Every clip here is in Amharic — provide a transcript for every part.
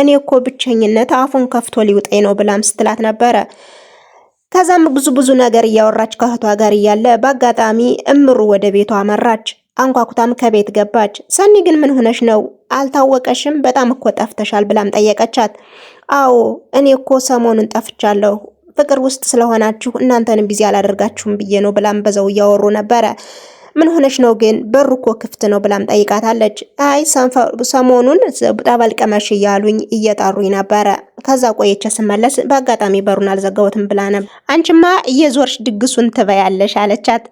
እኔ እኮ ብቸኝነት አፉን ከፍቶ ሊውጠኝ ነው ብላም ስትላት ነበረ። ከዛም ብዙ ብዙ ነገር እያወራች ከእህቷ ጋር እያለ በአጋጣሚ እምሩ ወደ ቤቷ አመራች። አንኳኩታም ከቤት ገባች። ሰኒ ግን ምን ሆነሽ ነው? አልታወቀሽም? በጣም እኮ ጠፍተሻል ብላም ጠየቀቻት። አዎ እኔ እኮ ሰሞኑን ጠፍቻለሁ ፍቅር ውስጥ ስለሆናችሁ እናንተንም ቢዚ አላደርጋችሁም ብዬ ነው ብላም በዛው እያወሩ ነበረ። ምን ሆነች ነው ግን በሩ እኮ ክፍት ነው ብላም ጠይቃታለች። አይ ሰሞኑን ጠበል ቀመሽ እያሉኝ እየጠሩኝ ነበረ። ከዛ ቆየቸ ስመለስ በአጋጣሚ በሩን አልዘጋሁትም ብላ ነበር። አንቺማ እየዞርሽ ድግሱን ትበያለሽ አለቻት።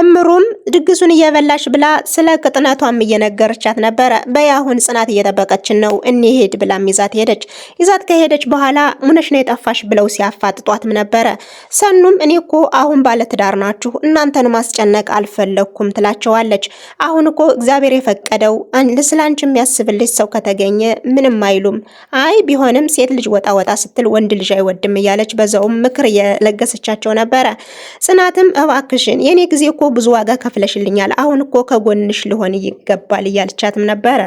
እምሩም ድግሱን እየበላሽ ብላ ስለ ቅጥነቷም እየነገረቻት ነበረ። በያሁን ጽናት እየጠበቀችን ነው እንሄድ ብላም ይዛት ሄደች። ይዛት ከሄደች በኋላ ሙነሽ ነው የጠፋሽ ብለው ሲያፋጥጧትም ነበረ። ሰኑም እኔ እኮ አሁን ባለትዳር ናችሁ እናንተን ማስጨነቅ አልፈለግኩም ትላቸዋለች። አሁን እኮ እግዚአብሔር የፈቀደው ስለአንቺ የሚያስብልሽ ሰው ከተገኘ ምንም አይሉም። አይ ቢሆንም ሴት ልጅ ወጣ ወጣ ስትል ወንድ ልጅ አይወድም እያለች በዛውም ምክር እየለገሰቻቸው ነበረ። ጽናትም እባክሽን የኔ ጊዜ እኮ ብዙ ዋጋ ከፍለሽልኛል። አሁን እኮ ከጎንሽ ልሆን ይገባል እያለቻትም ነበረ።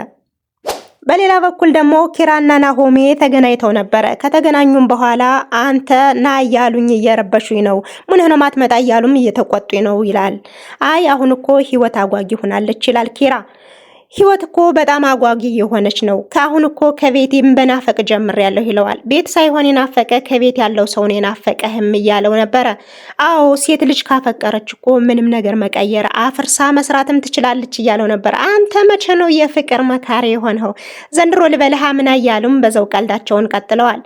በሌላ በኩል ደግሞ ኪራና ናሆሜ ተገናኝተው ነበረ። ከተገናኙም በኋላ አንተ ና እያሉኝ እየረበሹኝ ነው፣ ምን ሆነ ማትመጣ እያሉም እየተቆጡኝ ነው ይላል። አይ አሁን እኮ ህይወት አጓጊ ሆናለች ይላል ኪራ ህይወት እኮ በጣም አጓጊ የሆነች ነው። ከአሁን እኮ ከቤት በናፈቅ ጀምሬያለሁ ይለዋል። ቤት ሳይሆን የናፈቀ ከቤት ያለው ሰውን የናፈቀህም እያለው ነበረ። አዎ ሴት ልጅ ካፈቀረች እኮ ምንም ነገር መቀየር አፍርሳ መስራትም ትችላለች እያለው ነበር። አንተ መቼ ነው የፍቅር መካሪ የሆነው ዘንድሮ ልበልሃ ምን እያሉም በዘው ቀልዳቸውን ቀጥለዋል።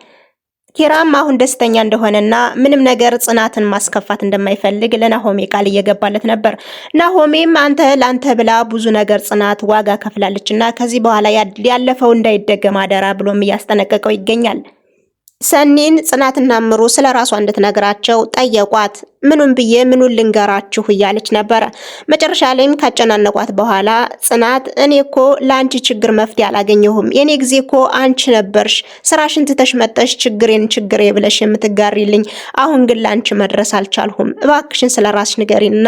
ኪራም አሁን ደስተኛ እንደሆነና ምንም ነገር ጽናትን ማስከፋት እንደማይፈልግ ለናሆሜ ቃል እየገባለት ነበር። ናሆሜም አንተ ላንተ ብላ ብዙ ነገር ጽናት ዋጋ ከፍላለችና ከዚህ በኋላ ያለፈው እንዳይደገም አደራ ብሎም እያስጠነቀቀው ይገኛል። ሰኒን ጽናትና ምሩ ስለ ራሷ እንድትነግራቸው ጠየቋት። ምኑን ብዬ ምኑን ልንገራችሁ እያለች ነበረ። መጨረሻ ላይም ካጨናነቋት በኋላ ጽናት እኔ እኮ ለአንቺ ችግር መፍትሄ አላገኘሁም፣ የኔ ጊዜ እኮ አንቺ ነበርሽ፣ ስራሽን ትተሽ መጠሽ ችግሬን ችግሬ ብለሽ የምትጋሪልኝ፣ አሁን ግን ለአንቺ መድረስ አልቻልሁም፣ እባክሽን ስለ ራስሽ ንገሪንና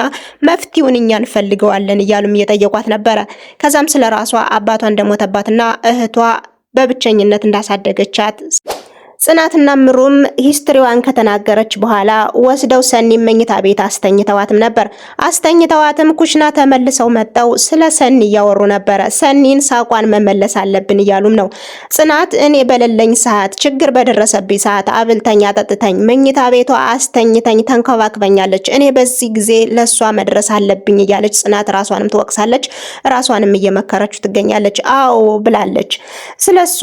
መፍትሄውን እኛ እንፈልገዋለን እያሉም እየጠየቋት ነበረ። ከዛም ስለ ራሷ አባቷ እንደሞተባትና እህቷ በብቸኝነት እንዳሳደገቻት ጽናትና ምሩም ሂስትሪዋን ከተናገረች በኋላ ወስደው ሰኒ መኝታ ቤት አስተኝተዋትም ነበር። አስተኝተዋትም ኩሽና ተመልሰው መጠው ስለ ሰኒ እያወሩ ነበረ። ሰኒን ሳቋን መመለስ አለብን እያሉም ነው። ጽናት እኔ በሌለኝ ሰዓት፣ ችግር በደረሰብኝ ሰዓት አብልተኛ ጠጥተኝ መኝታ ቤቷ አስተኝተኝ ተንከባክበኛለች። እኔ በዚህ ጊዜ ለሷ መድረስ አለብኝ እያለች ጽናት ራሷንም ትወቅሳለች፣ ራሷንም እየመከረችው ትገኛለች። አዎ ብላለች። ስለሷ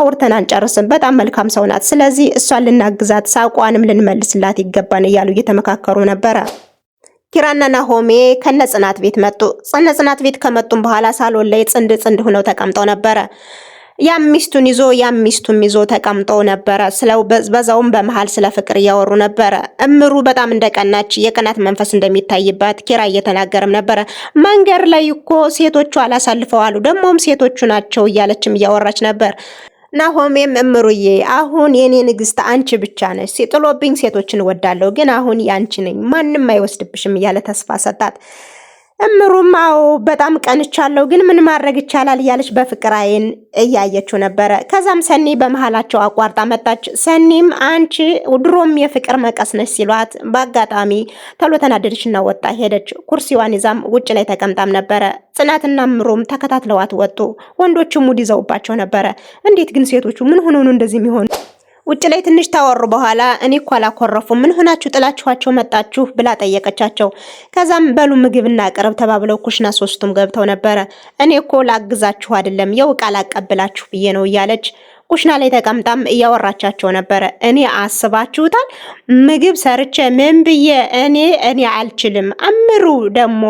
አውርተን አንጨርስም። በጣም መልካም ሰው ናት። ስለዚህ እሷን ልናግዛት፣ ሳቋንም ልንመልስላት ይገባን እያሉ እየተመካከሩ ነበረ። ኪራና ናሆሜ ከነ ጽናት ቤት መጡ። ጽነ ጽናት ቤት ከመጡም በኋላ ሳሎን ላይ ጽንድ ጽንድ ሆነው ተቀምጠው ነበረ። ያም ሚስቱን ይዞ ያም ሚስቱም ይዞ ተቀምጠው ነበረ። ስለው በዛውም በመሃል ስለ ፍቅር እያወሩ ነበረ። እምሩ በጣም እንደቀናች የቅናት መንፈስ እንደሚታይባት ኪራ እየተናገርም ነበረ። መንገድ ላይ እኮ ሴቶቹ አላሳልፈው አሉ፣ ደግሞም ሴቶቹ ናቸው እያለችም እያወራች ነበር። ናሆሜም እምሩዬ አሁን የኔ ንግስት አንቺ ብቻ ነሽ። ሲጥሎብኝ ሴቶችን እወዳለሁ፣ ግን አሁን ያንቺ ነኝ፣ ማንም አይወስድብሽም እያለ ተስፋ ሰጣት። እምሩም አዎ በጣም ቀንቻለሁ፣ ግን ምን ማድረግ ይቻላል እያለች በፍቅር አይን እያየችው ነበረ። ከዛም ሰኒ በመሃላቸው አቋርጣ መጣች። ሰኒም አንቺ ድሮም የፍቅር መቀስ ነች ሲሏት በአጋጣሚ ተሎ ተናደደችና ወጣ ሄደች። ኩርሲዋን ይዛም ውጭ ላይ ተቀምጣም ነበረ። ጽናትና እምሩም ተከታትለዋት ወጡ። ወንዶቹም ሙድ ይዘውባቸው ነበረ። እንዴት ግን ሴቶቹ ምን ሆኖ ነው እንደዚህ የሚሆኑ? ውጭ ላይ ትንሽ ታወሩ በኋላ እኔ እኮ አላኮረፉም፣ ምን ሆናችሁ ጥላችኋቸው መጣችሁ ብላ ጠየቀቻቸው። ከዛም በሉ ምግብና ቅርብ ተባብለው ኩሽና ሶስቱም ገብተው ነበረ። እኔ እኮ ላግዛችሁ አይደለም የው ቃል አቀብላችሁ ብዬ ነው እያለች ኩሽና ላይ ተቀምጣም እያወራቻቸው ነበረ። እኔ አስባችሁታል ምግብ ሰርቼ ምን ብዬ እኔ እኔ አልችልም። አምሩ ደግሞ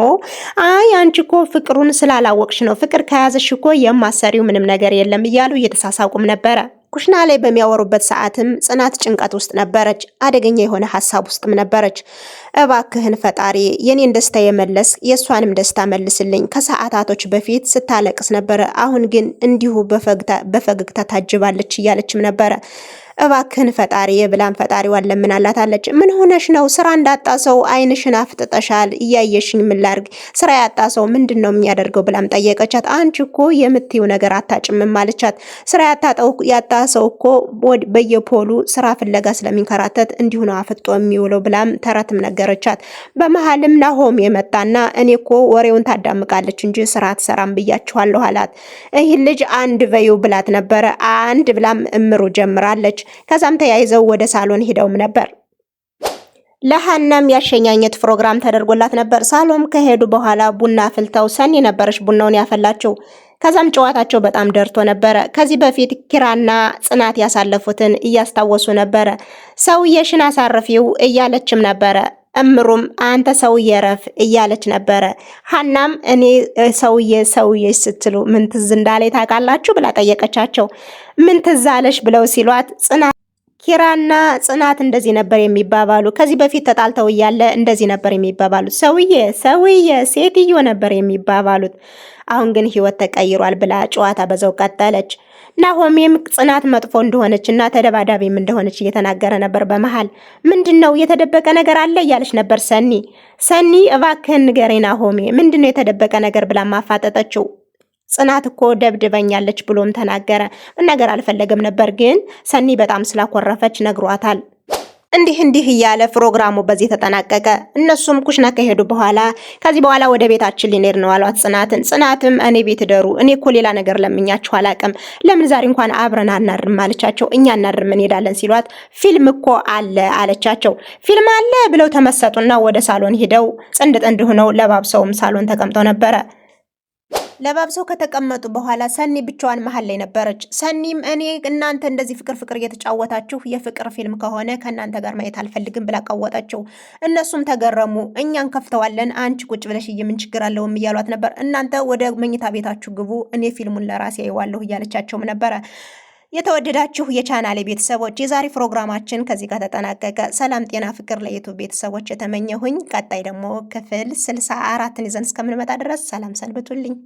አይ አንቺ እኮ ፍቅሩን ስላላወቅሽ ነው፣ ፍቅር ከያዘሽ እኮ የማሰሪው ምንም ነገር የለም እያሉ እየተሳሳቁም ነበረ። ኩሽና ላይ በሚያወሩበት ሰዓትም ጽናት ጭንቀት ውስጥ ነበረች። አደገኛ የሆነ ሀሳብ ውስጥም ነበረች። እባክህን ፈጣሪ የኔን ደስታ የመለስ የእሷንም ደስታ መልስልኝ። ከሰዓታቶች በፊት ስታለቅስ ነበረ፣ አሁን ግን እንዲሁ በፈገግታ ታጅባለች እያለችም ነበረ እባክህን ፈጣሪ የብላም ፈጣሪዋን ለምናላታለች። ምን ሆነሽ ነው? ስራ እንዳጣ ሰው አይንሽን አፍጥጠሻል። እያየሽኝ ምን ላድርግ? ስራ ያጣ ሰው ምንድን ነው የሚያደርገው? ብላም ጠየቀቻት። አንቺ እኮ የምትይው ነገር አታጭምም አለቻት። ስራ ያጣ ሰው እኮ በየፖሉ ስራ ፍለጋ ስለሚንከራተት እንዲሁ ነው አፍጦ የሚውለው ብላም ተረትም ነገረቻት። በመሀልም ናሆም የመጣና እኔ እኮ ወሬውን ታዳምቃለች እንጂ ስራ አትሰራም ብያችኋለሁ አላት። ይህ ልጅ አንድ በዩ ብላት ነበረ። አንድ ብላም እምሩ ጀምራለች። ከዛም ተያይዘው ወደ ሳሎን ሄደውም ነበር። ለሃናም ያሸኛኘት ፕሮግራም ተደርጎላት ነበር። ሳሎም ከሄዱ በኋላ ቡና አፍልተው ሰኒ ነበረች ቡናውን ያፈላችው። ከዛም ጨዋታቸው በጣም ደርቶ ነበረ። ከዚህ በፊት ኪራና ጽናት ያሳለፉትን እያስታወሱ ነበረ። ሰውየሽን አሳርፊው እያለችም ነበረ። እምሩም አንተ ሰውዬ ረፍ እያለች ነበረ። ሀናም እኔ ሰውዬ ሰውዬ ስትሉ ምን ትዝ እንዳለ ታውቃላችሁ ብላ ጠየቀቻቸው። ምን ትዝ አለሽ ብለው ሲሏት ጽናት ኪራና ጽናት እንደዚህ ነበር የሚባባሉ። ከዚህ በፊት ተጣልተው እያለ እንደዚህ ነበር የሚባባሉት። ሰውዬ ሰውዬ፣ ሴትዮ ነበር የሚባባሉት። አሁን ግን ህይወት ተቀይሯል ብላ ጨዋታ በዛው ቀጠለች። ናሆሜም ጽናት መጥፎ እንደሆነች እና ተደባዳቢም እንደሆነች እየተናገረ ነበር። በመሃል ምንድን ነው የተደበቀ ነገር አለ እያለች ነበር ሰኒ። ሰኒ እባክህን ንገረኝ ናሆሜ፣ ምንድን ነው የተደበቀ ነገር ብላ ማፋጠጠችው። ጽናት እኮ ደብድበኛለች ብሎም ተናገረ። መናገር አልፈለገም ነበር፣ ግን ሰኒ በጣም ስላኮረፈች ነግሯታል። እንዲህ እንዲህ እያለ ፕሮግራሙ በዚህ ተጠናቀቀ። እነሱም ኩሽና ከሄዱ በኋላ ከዚህ በኋላ ወደ ቤታችን ሊኔር ነው አሏት ጽናትን። ጽናትም እኔ ቤት ደሩ እኔ እኮ ሌላ ነገር ለምኛችሁ አላቅም። ለምን ዛሬ እንኳን አብረን አናርም አለቻቸው። እኛ እናርም እንሄዳለን ሲሏት ፊልም እኮ አለ አለቻቸው። ፊልም አለ ብለው ተመሰጡና ወደ ሳሎን ሂደው ጥንድ ጥንድ ሆነው ለባብሰውም ሳሎን ተቀምጠው ነበረ። ለባብሰው ከተቀመጡ በኋላ ሰኒ ብቻዋን መሀል ላይ ነበረች። ሰኒም እኔ እናንተ እንደዚህ ፍቅር ፍቅር እየተጫወታችሁ የፍቅር ፊልም ከሆነ ከእናንተ ጋር ማየት አልፈልግም ብላ እነሱም ተገረሙ። እኛን ከፍተዋለን፣ አንቺ ቁጭ ብለሽ እየምን ችግር አለውም እያሏት ነበር። እናንተ ወደ መኝታ ቤታችሁ ግቡ፣ እኔ ፊልሙን ለራሴ አይዋለሁ እያለቻቸውም ነበረ። የተወደዳችሁ የቻናሌ ቤተሰቦች የዛሬ ፕሮግራማችን ከዚህ ጋር ተጠናቀቀ። ሰላም ጤና ፍቅር ለዩቱብ ቤተሰቦች የተመኘሁኝ። ቀጣይ ደግሞ ክፍል ስልሳ አራትን ይዘን እስከምንመጣ ድረስ ሰላም ሰንብቱልኝ።